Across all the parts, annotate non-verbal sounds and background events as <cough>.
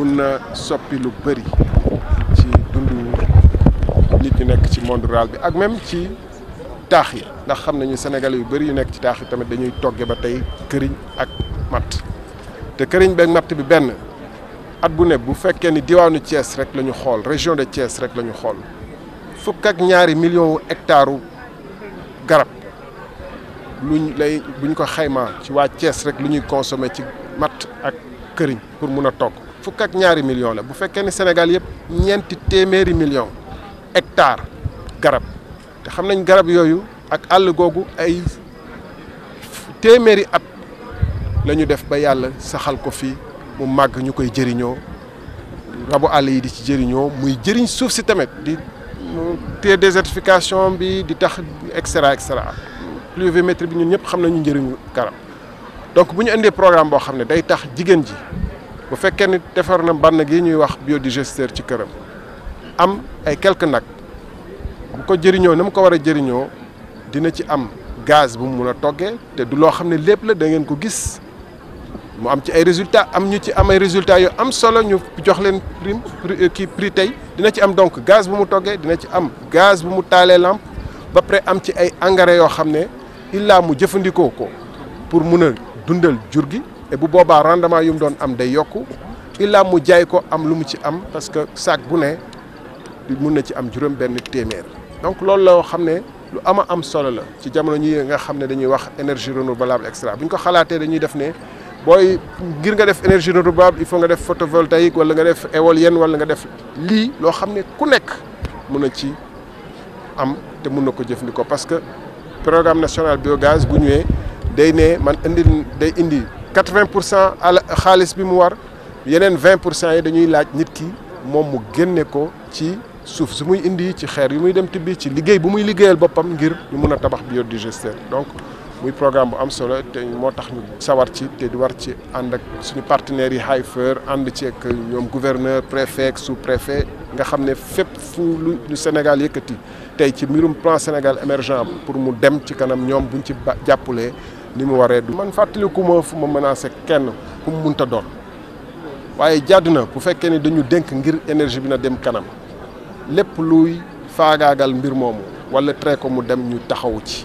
mun na soppi lu bëri ci dundu nit ñu nekk ci monde rural bi ak même ci taax yi ndax xam nañu Sénégalais yu bëri yu nekk ci taax yi tamit dañuy togge ba tey këriñ ak matt te këriñ beeg matt bi benn at bu ne bu fekkee ni diwaanu Thiès rek la ñu xool région de Thiès rek la xool fukk ak ñaari million wu hectares garab luñ lay bu ko xaymaa ci waa Thiès rek lu ñuy consommer ci matt ak këriñ pour mun a togg. fukk ak ñaari million la bu fekkee ne Sénégal yëpp ñeenti téeméeri million hectare garab te xam nañ garab yooyu ak àll googu ay téeméeri at lañu def ba yàlla saxal ko fi mu màgg ñu koy jëriñoo rabu àll yi di ci jëriñoo muy jëriñ suuf si tamit di te désertification bi di tax et cetera et cetera bi ñun ñëpp xam nañu njëriñu garab donc bu ñu indee programme boo xam ne day tax jigéen ji bu fekkee ni defar na bànn gi ñuy wax biodigesteur ci këram am ay quelques nag bu ko jëriñoo ni mu ko war a jëriñoo dina ci am gaz bu mu mun a toggee te du loo xam ne lépp la dangeen ko gis mu am ci ay résultats am ñu ci am ay résultats yu am solo ñu jox leen prime kii prix tey dina ci am donc gaz bu mu toggee dina ci am gaz bu mu taalee lampe ba pare am ci ay engrais yoo xam ne illaa mu jëfandikoo ko pour mun a dundal jur gi. et bu boobaa rendement yu mu doon am day yokk illaa mu jaay ko am lu mu ci am parce que sac bu ne mun na ci am juróom benn téeméer donc loolu loo xam ne lu ama am solo la ci jamono ñi nga xam ne dañuy wax énergie renouvelable extra bu ñu ko xalaatee dañuy def ne booy ngir nga def énergie renouvelable il faut nga def photovoltaïque wala nga def éolienne wala nga def lii loo xam ne ku nekk mun na ci am te mun na ko jëfandikoo parce que programme national biogaz bu ñëwee day ne man indi day indi 80 pour cent xaalis bi mu war yeneen 20 pour cent yi dañuy laaj nit ki moom mu génne ko ci suuf su muy indi ci xeer yu muy dem tibbi ci liggéey bu muy liggéeyal boppam ngir ñu mën a tabax biodigesteur donc muy programme bu am solo te moo tax ñu sawar ci te di war ci ànd ak suñu partenaires yi Heifer ànd ci ak ñoom gouverneur préfet ak sous préfet nga xam ne fépp fu lu Sénégal yëkkati tey ci mbirum plan Sénégal émergent pour mu dem ci kanam ñoom buñ ci jàppulee li mu waree du man fàttaliku ma fu ma menacé kenn ku mu munta doon waaye jàddu na bu fekkee ni dañu dénk ngir énergie bi na dem kanam lépp luy faagaagal mbir moomu wala tree ko mu dem ñu taxawu ci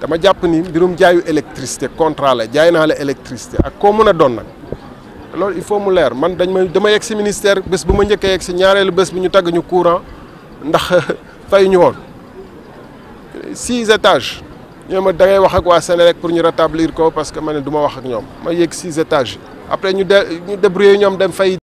dama jàpp ni mbirum jaayu électricité contrat la jaay naa la électricité ak koo mën a doon nag loolu il faut mu leer man dañ ma dama yegg si ministère bés bu ma njëkkee yegg si ñaareelu bés bi ñu tagg ñu courant ndax <laughs> fay ñu woon six étages ñoo a da ngay wax ak pour ñu rétablir ko parce que ma ne du ma wax ak ñoom ma yéeg six étages après ñu de ñu débrouillé ñoom dem fay